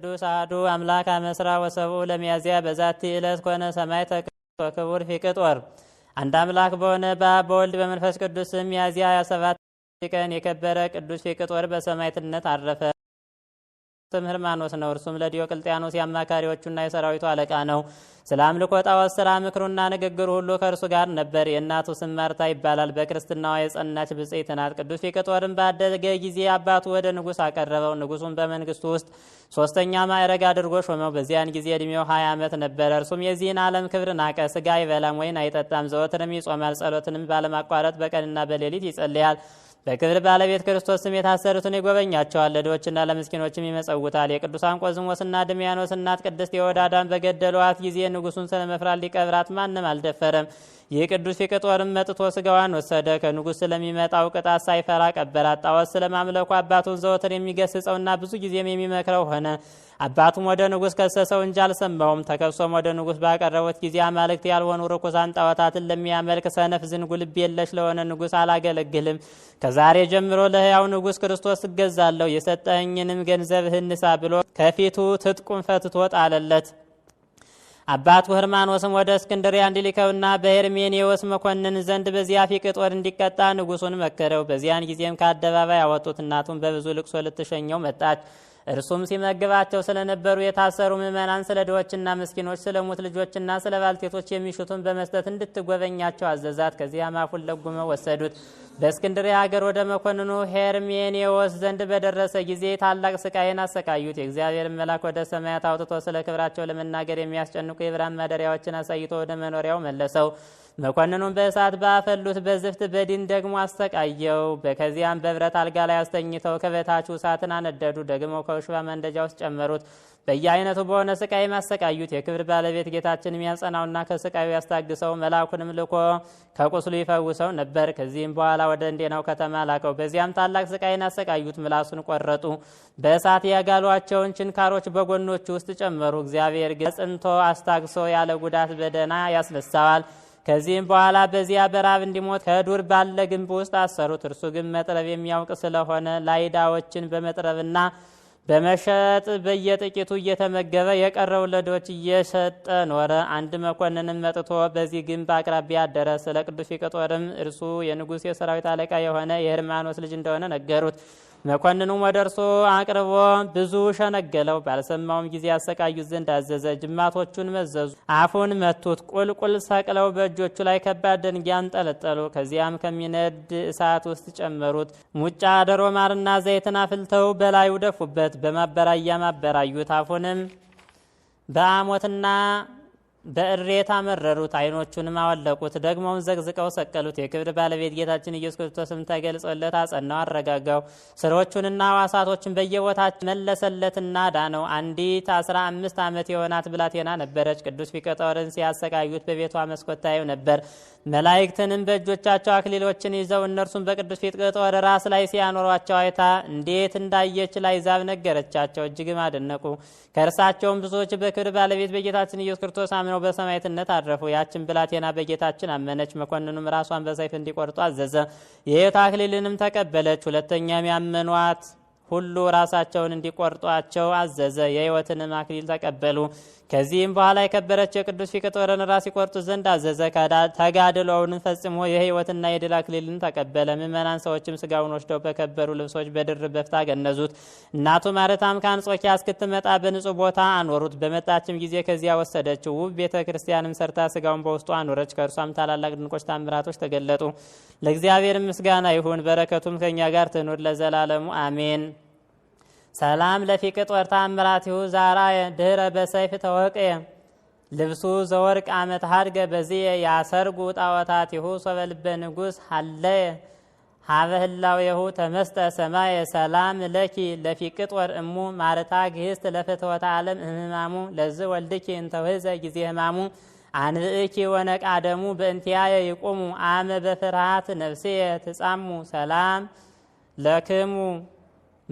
ቅዱስ አዱ አምላክ አመስራ ወሰቡ ለሚያዝያ በዛቲ ዕለት ኮነ ሰማዕተ ክቡር ፊቅጦር። አንድ አምላክ በሆነ በአብ በወልድ በመንፈስ ቅዱስ ስም ሚያዝያ 27 ቀን የከበረ ቅዱስ ፊቅጦር በሰማዕትነት አረፈ። ስም ህርማኖስ ነው። እርሱም ለዲዮቅልጥያኖስ የአማካሪዎቹና የሰራዊቱ አለቃ ነው። ስለ አምልኮ ጣዖት ስራ ምክሩና ንግግሩ ሁሉ ከእርሱ ጋር ነበር። የእናቱ ስም ማርታ ይባላል። በክርስትናዋ የጸናች ብጽዕት ናት። ቅዱስ ፊቅጦርን ባደገ ጊዜ አባቱ ወደ ንጉሥ አቀረበው። ንጉሡም በመንግስቱ ውስጥ ሶስተኛ ማዕረግ አድርጎ ሾመው። በዚያን ጊዜ ዕድሜው ሀያ ዓመት ነበረ። እርሱም የዚህን ዓለም ክብር ናቀ። ስጋ አይበላም ወይን አይጠጣም። ዘወትርም ይጾማል። ጸሎትንም ባለማቋረጥ በቀንና በሌሊት ይጸልያል። በክብር ባለቤት ስም የታሰሩትን ይጎበኛቸዋል፣ ለድሆችና ለምስኪኖችም ይመጸውታል። የቅዱሳን ቆዝሞስና ድሚያኖስ እናት ቅድስት የወዳዳን በገደሏት ጊዜ ንጉሱን ስለመፍራት ሊቀብራት ማንም አልደፈረም። ይህ ቅዱስ ፊቅጦርም መጥቶ ስጋዋን ወሰደ። ከንጉሥ ስለሚመጣው ቅጣት ሳይፈራ ቀበላት። ጣዖት ስለማምለኩ አባቱን ዘወትር የሚገስጸውና ብዙ ጊዜም የሚመክረው ሆነ። አባቱም ወደ ንጉሥ ከሰሰው እንጂ አልሰማውም። ተከሶም ወደ ንጉሥ ባቀረቡት ጊዜ አማልክት ያልሆኑ ርኩሳን ጣዖታትን ለሚያመልክ ሰነፍ ዝንጉ ልብ የለሽ ለሆነ ንጉሥ አላገለግልም። ከዛሬ ጀምሮ ለሕያው ንጉሥ ክርስቶስ እገዛለሁ፣ የሰጠኸኝንም ገንዘብ ንሳ ብሎ ከፊቱ ትጥቁን ፈትቶ ጣለለት። አባቱ ህርማኖስም ወደ እስክንድርያ እንዲልከውና በሄርሜኔዎስ መኮንን ዘንድ በዚያ ፊቅ እንዲቀጣ ንጉሱን መከረው። በዚያን ጊዜም ከአደባባይ ያወጡት። እናቱን በብዙ ልቅሶ ልትሸኘው መጣች። እርሱም ሲመግባቸው ስለነበሩ የታሰሩ ምዕመናን፣ ስለ ድሆችና ምስኪኖች፣ ስለ ሙት ልጆችና ስለ ባልቴቶች የሚሹትን በመስጠት እንድትጎበኛቸው አዘዛት። ከዚያም አፉን ለጉመው ወሰዱት። በእስክንድርያ ሀገር ወደ መኮንኑ ሄርሜኔዎስ ዘንድ በደረሰ ጊዜ ታላቅ ስቃይን አሰቃዩት። የእግዚአብሔር መልአክ ወደ ሰማያት አውጥቶ ስለ ክብራቸው ለመናገር የሚያስጨንቁ የብርሃን ማደሪያዎችን አሳይቶ ወደ መኖሪያው መለሰው። መኮንኑም በእሳት ባፈሉት፣ በዝፍት በዲን ደግሞ አሰቃየው። ከዚያም በብረት አልጋ ላይ አስተኝተው ከበታቹ እሳትን አነደዱ። ደግሞ ከውሽባ መንደጃ ውስጥ ጨመሩት። በየአይነቱ በሆነ ስቃይ ማሰቃዩት የክብር ባለቤት ጌታችን የሚያጸናውና ከስቃዩ ያስታግሰው መልአኩንም ልኮ ከቁስሉ ይፈውሰው ነበር። ከዚህም በኋላ ወደ እንዴናው ከተማ ላከው። በዚያም ታላቅ ስቃይን አሰቃዩት፣ ምላሱን ቆረጡ፣ በእሳት ያጋሏቸውን ችንካሮች በጎኖቹ ውስጥ ጨመሩ። እግዚአብሔር ግን ጽንቶ አስታግሶ ያለ ጉዳት በደና ያስነሳዋል። ከዚህም በኋላ በዚያ በራብ እንዲሞት ከዱር ባለ ግንብ ውስጥ አሰሩት። እርሱ ግን መጥረብ የሚያውቅ ስለሆነ ላይዳዎችን በመጥረብና በመሸጥ በየጥቂቱ እየተመገበ የቀረውን ለድሆች እየሰጠ ኖረ። አንድ መኮንንም መጥቶ በዚህ ግንብ አቅራቢያ አደረ። ስለ ቅዱስ ፊቅጦርም እርሱ የንጉሥ የሰራዊት አለቃ የሆነ የህርማኖስ ልጅ እንደሆነ ነገሩት። መኮንኑም ወደ እርሱ አቅርቦ ብዙ ሸነገለው። ባልሰማውም ጊዜ ያሰቃዩት ዘንድ አዘዘ። ጅማቶቹን መዘዙ፣ አፉን መቱት። ቁልቁል ሰቅለው በእጆቹ ላይ ከባድ ደንጊያ አንጠለጠሉ። ከዚያም ከሚነድ እሳት ውስጥ ጨመሩት። ሙጫ፣ ደሮ፣ ማርና ዘይትን አፍልተው በላዩ ደፉበት። በማበራያ ማበራዩት። አፉንም በአሞትና በእሬታ መረሩት፣ አይኖቹንም አወለቁት፣ ደግሞም ዘግዝቀው ሰቀሉት። የክብር ባለቤት ጌታችን ኢየሱስ ክርስቶስም ተገልጾለት አጸናው፣ አረጋጋው። ስሮቹንና ሕዋሳቶችን በየቦታቸው መለሰለትና ዳነው። አንዲት አስራ አምስት ዓመት የሆናት ብላቴና ነበረች። ቅዱስ ፊቅጦርን ሲያሰቃዩት በቤቷ መስኮት ታየው ነበር። መላእክትንም በእጆቻቸው አክሊሎችን ይዘው እነርሱም በቅዱስ ፊቅጦር ራስ ላይ ሲያኖሯቸው አይታ እንዴት እንዳየች ላሕዛብ ነገረቻቸው። እጅግም አደነቁ። ከእርሳቸውም ብዙዎች በክብር ባለቤት በጌታችን ኢየሱስ ክርስቶስ አምነው በሰማዕትነት አረፉ። ያችን ብላቴና በጌታችን አመነች። መኮንኑም ራሷን በሰይፍ እንዲቆርጡ አዘዘ። የሕይወት አክሊልንም ተቀበለች። ሁለተኛም ያመኗት ሁሉ ራሳቸውን እንዲቆርጧቸው አዘዘ። የህይወትንም አክሊል ተቀበሉ። ከዚህም በኋላ የከበረች የቅዱስ ፊቅጦርን ራስ ይቆርጡ ዘንድ አዘዘ። ተጋድሎውን ፈጽሞ የህይወትና የድል አክሊልን ተቀበለ። ምእመናን ሰዎችም ስጋውን ወስደው በከበሩ ልብሶች በድር በፍታ ገነዙት። እናቱ ማረታም ከአንጾኪያ እስክትመጣ በንጹህ ቦታ አኖሩት። በመጣችም ጊዜ ከዚያ ወሰደችው። ውብ ቤተ ክርስቲያንም ሰርታ ስጋውን በውስጡ አኖረች። ከእርሷም ታላላቅ ድንቆች ታምራቶች ተገለጡ። ለእግዚአብሔር ምስጋና ይሁን፣ በረከቱም ከእኛ ጋር ትኑር ለዘላለሙ አሜን። ሰላም ለፊቅጦር ታምራቲሁ ዛራ ድህረ በሰይፍ ተወቅ! ልብሱ ዘወርቅ አመት ሀድገ በዚየ ያሰርጉ ጣዖታቲሁ ሶበ ልበ ንጉሥ ሀለየ ሀበ ህላዌሁ ተመስጠ ሰማየ ሰላም ለኪ ለፊቅጦር እሙ ማርታ ግህስት ለፍትወተ ዓለም እህማሙ ለዝ ወልድኪ እንተውህዘ ጊዜ ህማሙ አንብእኪ ወነቃ ደሙ በእንቲያየ ይቁሙ አመ በፍርሃት ነፍስየ ትጻሙ ሰላም ለክሙ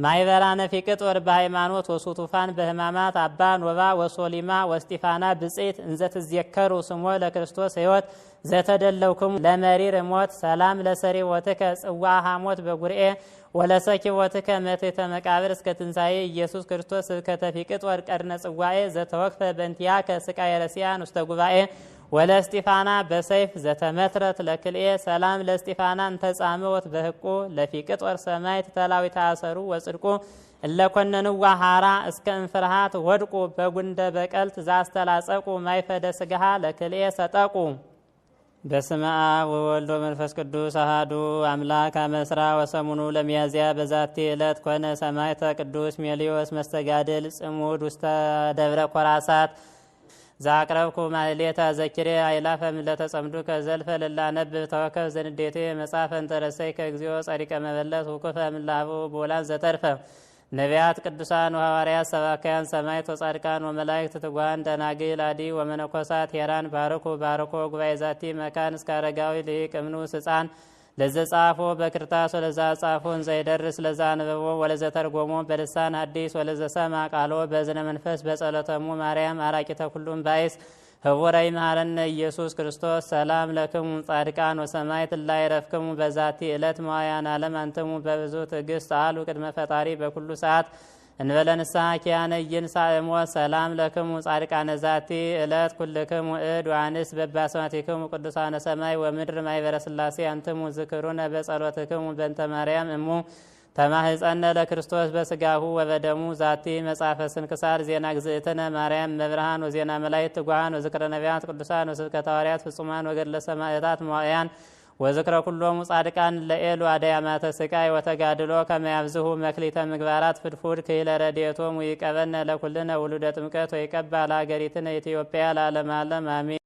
ማይበራነ ፊቅጥ ወር በሃይማኖት ወሱቱፋን በህማማት አባ ኖባ ወሶሊማ ወስጢፋና ብጽት እንዘትዝየከሩ ስሞ ለክርስቶስ ሕይወት ዘተደለውክሙ ለመሪር ሞት ሰላም ለሰሪ ወትከ ጽዋ ሐሞት በጉርኤ ወለሰኪ ወትከ መቴተ መቃብር እስከ ትንሣኤ ኢየሱስ ክርስቶስ ስብከተ ፊቅጥ ወር ቀድነ ጽዋኤ ዘተወክፈ በእንቲያ ከስቃየ ረሲያን ውስተ ጉባኤ ወለ እስጢፋና በሰይፍ ዘተመትረት ለክልኤ ሰላም ለእስጢፋና እንተጻምወት በህቁ ለፊቅጦር ሰማይ ተተላዊ ታሰሩ ወጽድቁ እለኮነንዋ ሀራ እስከ እንፍርሃት ወድቁ በጉንደ በቀልት ዛስተላጸቁ ማይፈደ ስግሃ ለክልኤ ሰጠቁ በስመ አብ ወወልድ ወመንፈስ ቅዱስ አሃዱ አምላክ አመስራ ወሰሙኑ ለሚያዝያ በዛቲ ዕለት ኮነ ሰማዕተ ቅዱስ ሜልዮስ መስተጋድል ጽሙድ ውስተ ደብረ ኮራሳት ዛቅረብኩ ማሌታ ዘኪሬ አይላፈም ለተጸምዱ ከዘልፈ ልላነብ ተወከፍ ዘንዴቴ መጽሐፈን ተረሰይ ከእግዚኦ ጸሪቀ መበለት ውኩፈ ምላቡ ቦላን ዘተርፈ ነቢያት፣ ቅዱሳን ወሐዋርያት፣ ሰባካያን፣ ሰማይ ወጻድቃን ወመላእክት፣ ትጓን ደናግል፣ አዲ ወመነኮሳት ሄራን ባርኩ ባርኮ ጉባኤ ዛቲ መካን እስከ አረጋዊ ልሂቅ እምኑ ህፃን ለዘ ጻፎ በክርታስ ወለዛ ጻፎ እንዘ ይደርስ ለዛ አንበቦ ወለዘ ተርጎሞ በልሳን አዲስ ወለዘ ሰማ ቃሎ በዝነ መንፈስ በጸሎተሙ ማርያም አራቂተ ኩሉም ባይስ ህቡረይ መሐረነ ኢየሱስ ክርስቶስ ሰላም ለክሙ ጻድቃን ወሰማዕት ላይረፍክሙ በዛቲ ዕለት መዋያን አለም አንትሙ በብዙ ትዕግስት አሉ ቅድመ ፈጣሪ በኩሉ ሰዓት እንበለ ንስሐ ኪያነ ኢይንሳእሞ ሰላም ለክሙ ጻድቃነ ዛቲ እለት ኩልክሙ እድ ወአንስት በባሰማቲክሙ ቅዱሳነ ሰማይ ወምድር ማይበረ ሥላሴ አንትሙ ዝክሩነ በጸሎትክሙ በእንተ ማርያም እሙ ተማህፀነ ለክርስቶስ በስጋሁ ወበደሙ ዛቲ መጽሐፈ ስንክሳር ዜና ግዝእትነ ማርያም መብርሃን ወዜና መላእክት ትጉሃን ወዝክረ ነቢያት ቅዱሳን ወስብከተ ሐዋርያት ፍጹማን ወገድለ ሰማዕታት መዋዕያን ወዝክረ ኩሎሙ ጻድቃን ለኤሉ አዳያማተ ስቃይ ወተጋድሎ ከመያብዝሁ መክሊተ ምግባራት ፍድፉድ ክይለ ረድኤቶሙ ይቀበነ ለኩልነ ውሉደ ጥምቀት ወይቀባ ለአገሪትነ ኢትዮጵያ ለዓለመ ዓለም